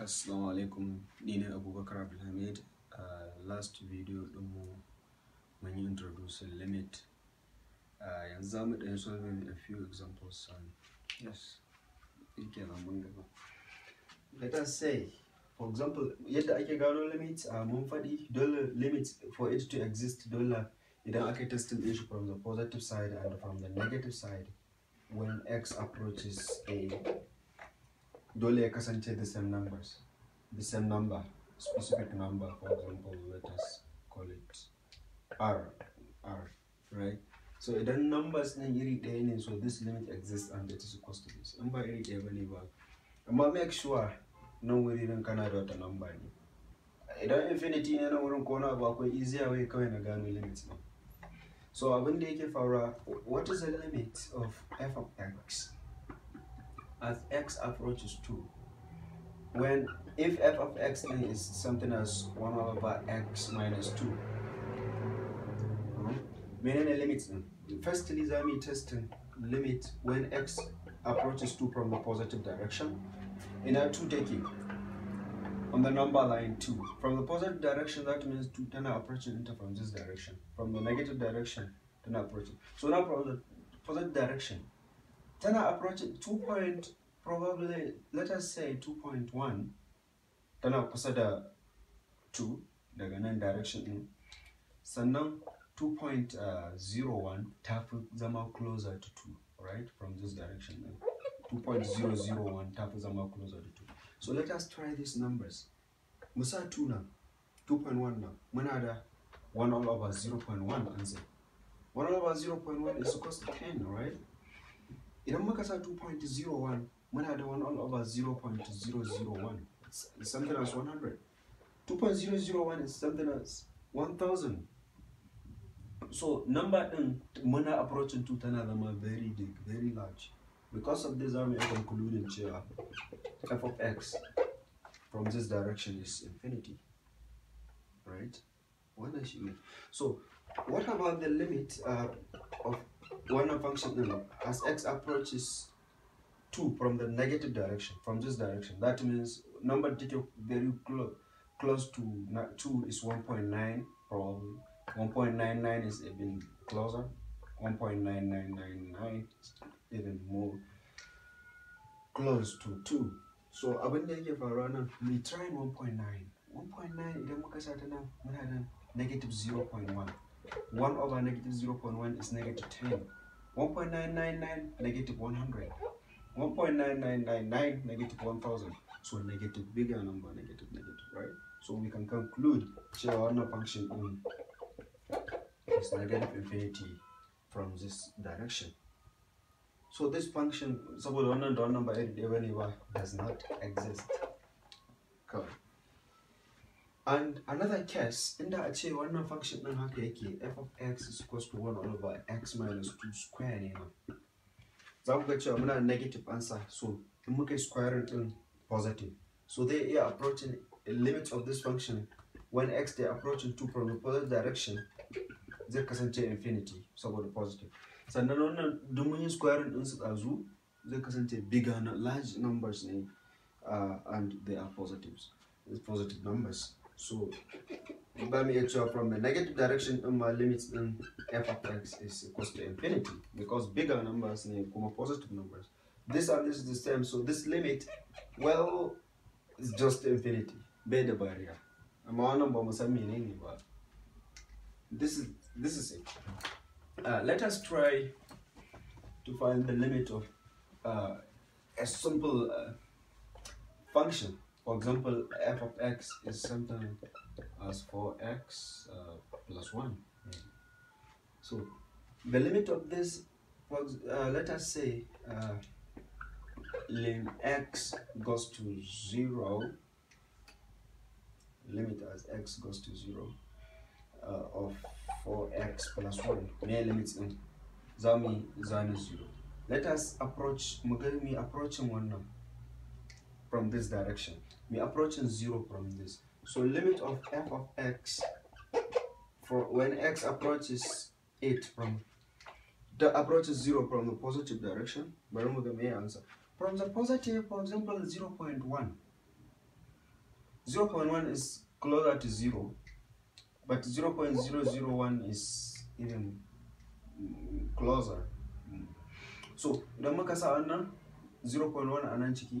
Assalamu alaikum ni ne Abubakar Abdulhamid a last video ɗinmu mun yi introducing limit yanzu za mu ɗan solve a few examples and yes yake nan mun gaba let us say for example yadda ake gano limit a mun faɗi dole limit for it to exist dole idan aka testing ɗin shi from the positive side and from the negative side when x approaches a dole ya kasance the same numbers the same number specific number for example let us call it r r right so the numbers na yiri ɗaya ne so this limit exists and it is supposed to this Number yiri iri ɗaya bane ba amma make sure no wuri din kana da wata number ne idan infinity ne na wurin ko na abu akwai easier way kawai na gano limit din so abin da yake what is the limit of f of x as x approaches 2 when if f of x n is something as 1 over x minus 2 uh-huh. menene limit din firstly za mu test testing limit when x approaches 2 from the positive direction In our 2 take on the number line 2 from the positive direction that means 2 approach approaching into from this direction from the negative direction tana approach. so now from the positive direction then I approach it 2 point, probably, let us say 2.1. Tana pass the 2 The nan direction So now 2.01 ta fi zama closer to 2, right? From this direction ɗin. 2.001 ta fi zama closer to 2. So let us try these numbers. Musa 2 now. 2.1 nan, manada 1 all over 0.1 answer. 1 all over 0.1 is equals to 10, right? idan muka sa 2.01 muna da 1 all over 0.001 it's something as 100 2.001 is something as 1000 so number din muna approaching 2 tana zama very big very large because of this I'm concluding chair f of x from this direction is infinity right wannan shine so what about the limit uh, of one function As x approaches 2 from the negative direction, from this direction, that means number detail very close close to 2 is 1.9 probably. 1.99 is even closer. 1.9999 is even more close to 2. So abin da yake faruwa nan, we try 1.9. 1.9 idan muka sa ta negative 0.1. 1 over negative 0.1 is negative 10. 1.999 negative 100 1.9999 negative 1000 so negative bigger number negative negative right so we can conclude Chiarna function in is negative infinity from this direction so this function so the one and number does not exist Correct. And another case, in that ce wannan function ɗin haka yake f of x is equals to 1 over x minus 2 square ne ma. Za ku ga cewa muna da negative answer, so in muka yi squaring ɗin positive. So they are approaching a limit of this function when x they are approaching 2 from the positive direction zai kasance infinity saboda positive. Sannan wannan dumin yin squaring su ɗazu zai kasance bigger large numbers ne uh, and they are positives. It's positive numbers. So by me actual from a negative direction in um, my limits in f of x is equals to infinity because bigger numbers need come positive numbers. This and this is the same. So this limit, well, it's just infinity. Better barrier. My number must have meaning, but this is this is it. Uh, let us try to find the limit of uh, a simple uh, function for example, f of x is something as 4x uh, plus 1. Mm. So the limit of this, uh, let us say, uh, lim x goes to 0, limit as x goes to 0 uh, of 4x plus 1, May limits in zami 0. Let us approach, me approaching one now from this direction. We approaching 0 from this. So limit of f of x for when x approaches 8 from the approaches 0 from the positive direction, Barumu the may answer. From the positive, for example, 0 0.1. 0 0.1 is closer to 0, but 0 0.001 is even closer. So, the makasa 0.1 a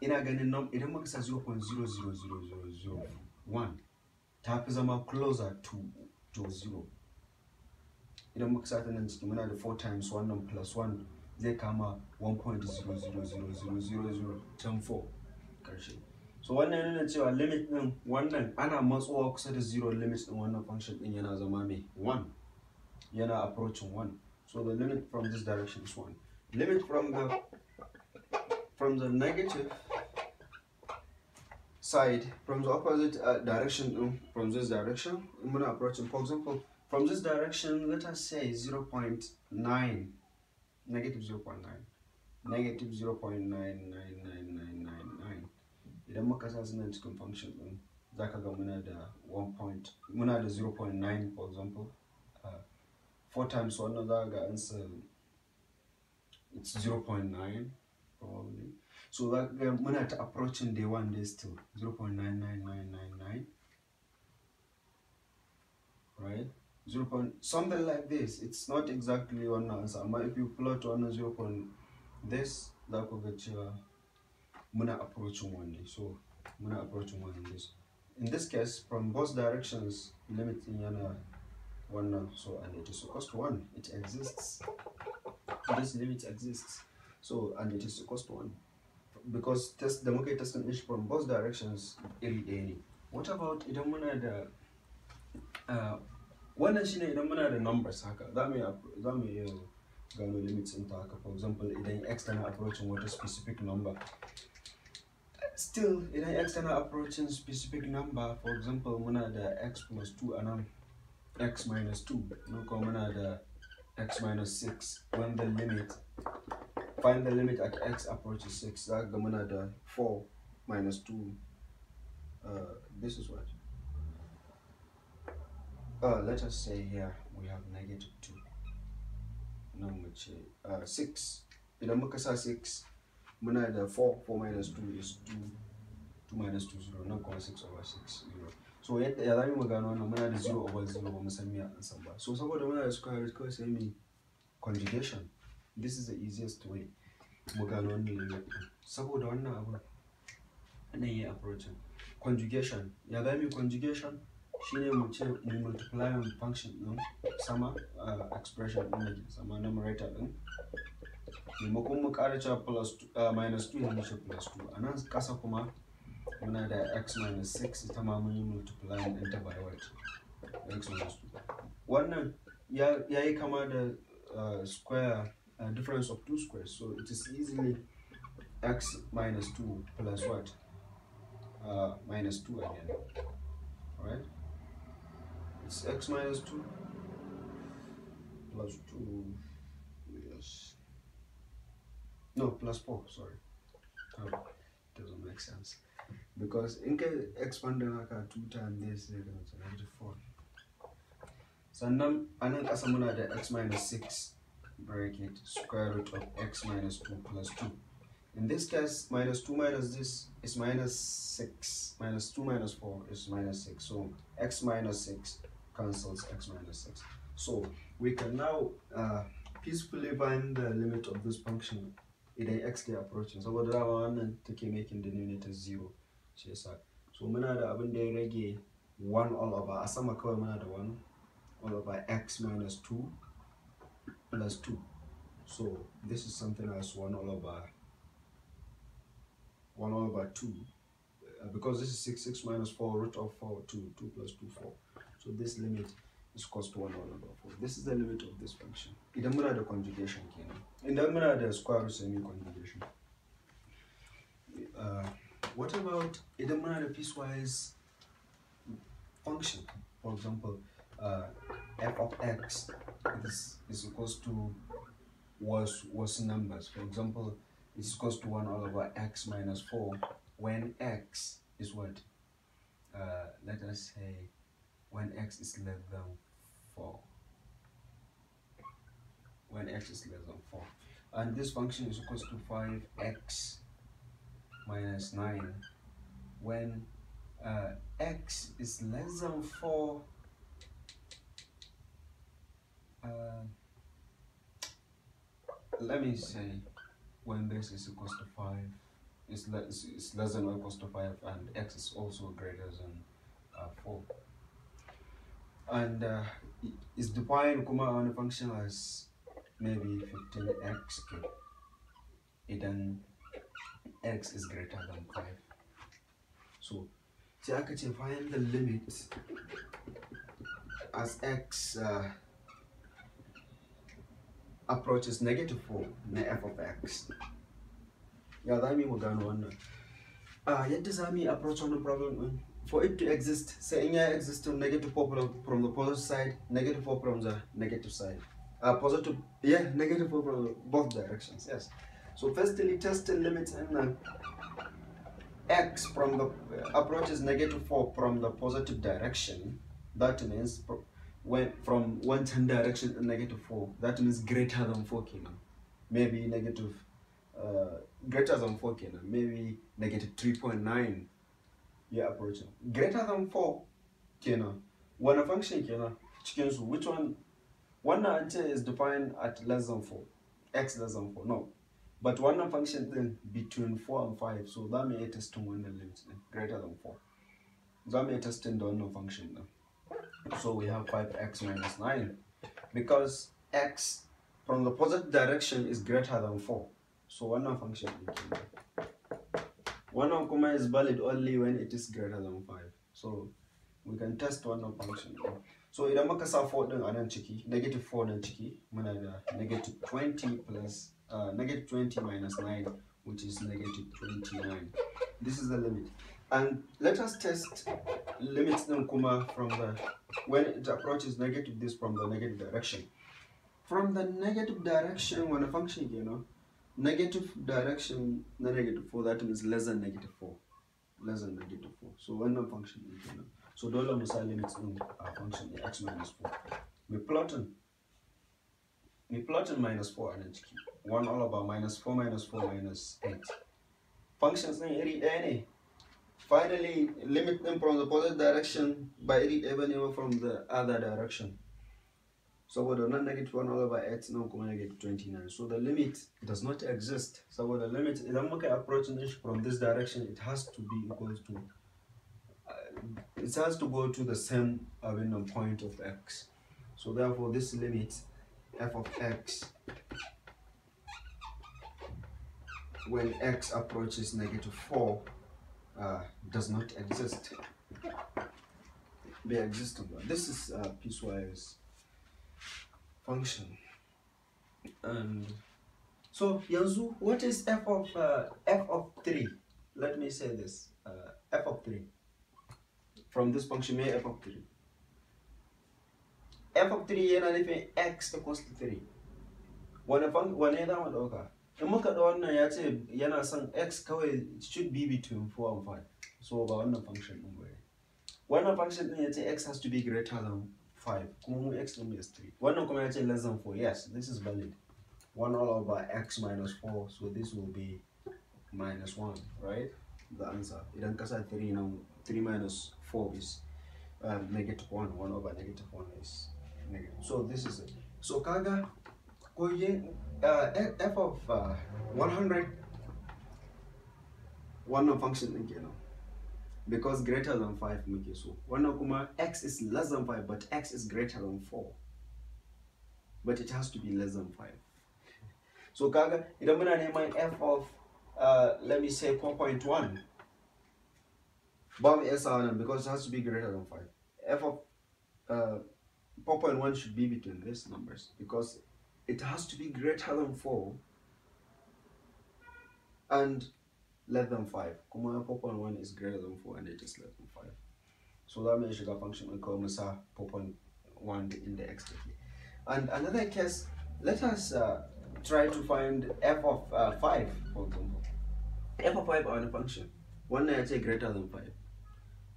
ina ganin nan idan muka sa 0.00001 ta fi zama closer to to 0 idan muka sa ta nan ciki muna da 4 times wannan plus 1 zai kama 1.0000004 karshe so wannan yana cewa limit din wannan ana matsowa kusa da zero limit din wannan function din yana zama mai 1 yana approaching 1 so the limit from this direction is 1 limit from the from the negative side from the opposite uh, direction from this direction I'm gonna approach for example from this direction let us say 0 0.9 negative 0 0.9 negative 0 0.99999 idan muka make a cikin function din zaka ga 1 point muna da 0.9 for example uh, 4 times one, zaka ga answer it's 0 0.9 probably so muna um, ta approaching day one day still 0.99999 right 0. Point, something like this it's not exactly one answer but if you plot one 0. Point, this that could get you muna uh, approaching one day so muna approaching one day. in this case from both directions limit yana uh, one so and it is cost one it exists this limit exists so and it is cost one because test the muka yi testing from both directions iri ɗaya what about idan muna da uh, wannan shine idan muna da numbers haka za mu za mu yi gano limits ɗin ta haka for example idan x tana approaching a specific number still idan x tana approaching specific number for example muna da x plus 2 and x minus 2 No, kuma muna da x minus 6 when the limit Find the limit at x approaches 6. That muna da 4 minus 2. Uh, this is what? Uh, let us say here we have negative 2. No mu uh, 6. Idan muka sa 6 muna the 4. 4 minus 2 is 2. 2 minus 2 0. Nan kuma 6 over 6 0. So yadda ya zami mu gano wannan muna da 0 over 0 ba mu san miya an So saboda muna da square is called sai mu conjugation. this is the easiest way mu gano wannan lambar saboda wannan abu nan yi approaching conjugation ya zami conjugation shine mu ce mu multiply on function din sama ah, expression din da sama numerator din maimakon mu ƙara cewa plus ah, minus 2 ya mace plus 2 a nan ƙasa kuma muna da x minus 6 ita ma mun yi multiply din ta by what x minus 2 wannan ya yi kama da ah, square uh, difference of 2 squares so it is easily x minus 2 plus what uh, minus 2 again alright it's x minus 2 plus 2 yes no plus 4 sorry oh, doesn't make sense because in case x wanda haka 2 times this zai ga 4 sannan anan kasa muna da x minus 6 bracket square root of x minus 2 plus 2 in this case minus 2 minus this is minus 6 minus 2 minus 4 is minus 6 so x minus 6 cancels x minus 6 so we can now uh, peacefully find the limit of this function idan x day approaching so saboda dama To take making denominator 0 shi yasa so we're going to ya 1 all over As i kawai muna da 1 all over x minus 2 plus 2 so this is something as 1 all over 1 all over 2 uh, because this is 6 6 minus 4 root of 4 2 2 plus 2 4 so this limit is close to 1 all over 4 this is the limit of this function doesn't matter the conjugation kenan idan muna the square root semi conjugation uh, what about idan muna da piecewise function for example uh, f of x is, is equals to worse, worse numbers. For example, it's equals to 1 all over x minus 4 when x is what? Uh, let us say when x is less than 4. When x is less than 4. And this function is equals to 5x minus 9 when uh, x is less than 4 um, let me say, when this is equal to 5, it's less, it's less than or equal to 5, and x is also greater than uh, 4. And uh, it's defined kuma on a function as maybe 15x And x is greater than 5. So, sai I can find the limit as x uh, approaches negative form na f of x ya that mu yi mu gano wannan Ah, yadda za approach on the problem for it to exist say in ya exist on negative 4 from the positive side negative 4 from the negative side uh, positive yeah negative 4 from both directions yes so firstly test the limits and uh, x from the approaches approach is negative 4 from the positive direction that means went from one ten direction to negative four. That means greater than four kilo. Maybe negative uh, greater than four kilo. Maybe negative three point nine. You're approaching greater than four kilo. When a function kilo, chickens which one? One answer is defined at less than four, x less than four. No, but one function then between four and five. So that means it is to one limit greater than four. That means it is to one function now. So we have 5x minus 9 because x from the positive direction is greater than 4. So of function one of comma is valid only when it is greater than 5. So we can test of function ɗin. So the muka sa 4 ɗin a nan ciki, negative 4 nan ciki, muna da negative 20 plus uh, negative 20 minus 9 which is negative 29. This is the limit. And let us test limits din kuma from the, when it approaches negative this from the negative direction. From the negative direction, when a function, you know, negative direction the 4, that means less than negative 4. Less than negative 4. So when a function, you know, so dole mu sa limits a uh, function x minus 4. We plotting we plotted minus 4 and it's ciki 1 all about minus 4 minus 4 minus 8 functions ɗin iri ɗaya Finally, limit them from the positive direction by eight neighbor from the other direction. So what? not negative negative 1 over now, when nan get 29 so the limit does not exist So what? The limit is muka approach din shi from this direction it has to be equal to uh, it has to go to the same abelian point of x so therefore this limit f of x when x approaches negative 4 uh, does not exist. They exist This is a uh, piecewise function. And um, so Yanzu, what is f of uh, f of three? Let me say this. Uh, f of three. From this function, may f of three. F of three yana nufin x equals to three. Wani wani yana wani ɗauka? in muka da wannan ya ce yana son x kawai should be between 4 and 5 so ba wannan function din bane wannan function din ya ce x has to be greater than 5 kuma mu x din is 3 wannan kuma ya ce less than 4 yes this is valid 1 all over x minus 4 so this will be minus 1 right the answer idan kasa 3 nan 3 minus 4 is um, negative 1 1 over negative 1 is negative so this is it so kaga ko uh, f of uh, 100 no function in kenan because greater than 5 you so no kuma x is less than 5 but x is greater than 4 but it has to be less than 5 so kaga idan muna neman f of uh, let me say 4.1 Bomb s because it has to be greater than 5 f of uh, 4.1 should be between these numbers because it has to be greater than 4 and less than 5. Kuma popon 1 is greater than 4 and it is less than 5. So that means sugar function will come as popon 1 in the x degree. And another case, let us uh, try to find f of uh, 5 for example. f of 5 on a function. One I say greater than 5.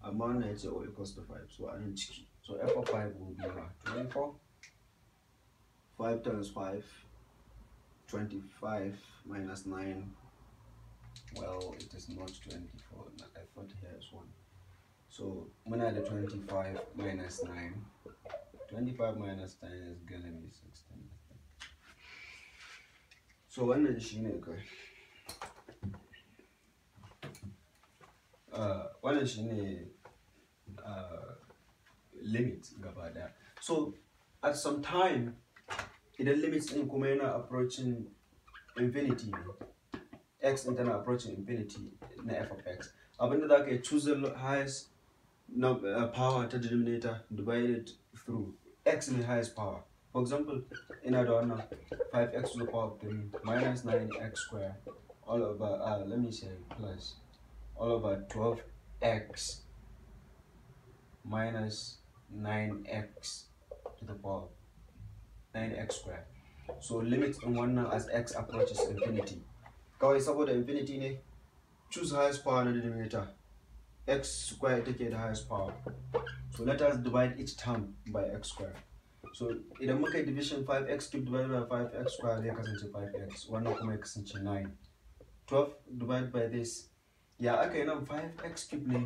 Amount I say or equals to 5. So I'm check. So f of 5 will be 24. 5 times 5 25 minus 9 well it is not 24 i thought here is 1 so when I do 25 minus 9 25 minus 10 is gonna be 16 so she shine kai uh wannan shine uh limit gaba that. so at some time it limits in kuma approaching infinity x internal approaching infinity the f of x abinda za ka choose the highest uh, power the denominator divided through x in the highest power for example ina da wannan 5x to the power of 3 minus 9x square all over uh, let me say plus all over 12x minus 9x to the power 9x squared so limit in now as x approaches infinity kawai the infinity ne choose highest power in the denominator x squared take the highest power so let us divide each term by x squared so in the yi division 5x cube divided by 5x squared zai kasance 5x One kuma x kasance 9 12 divided by this Yeah, okay. Now 5x cube ne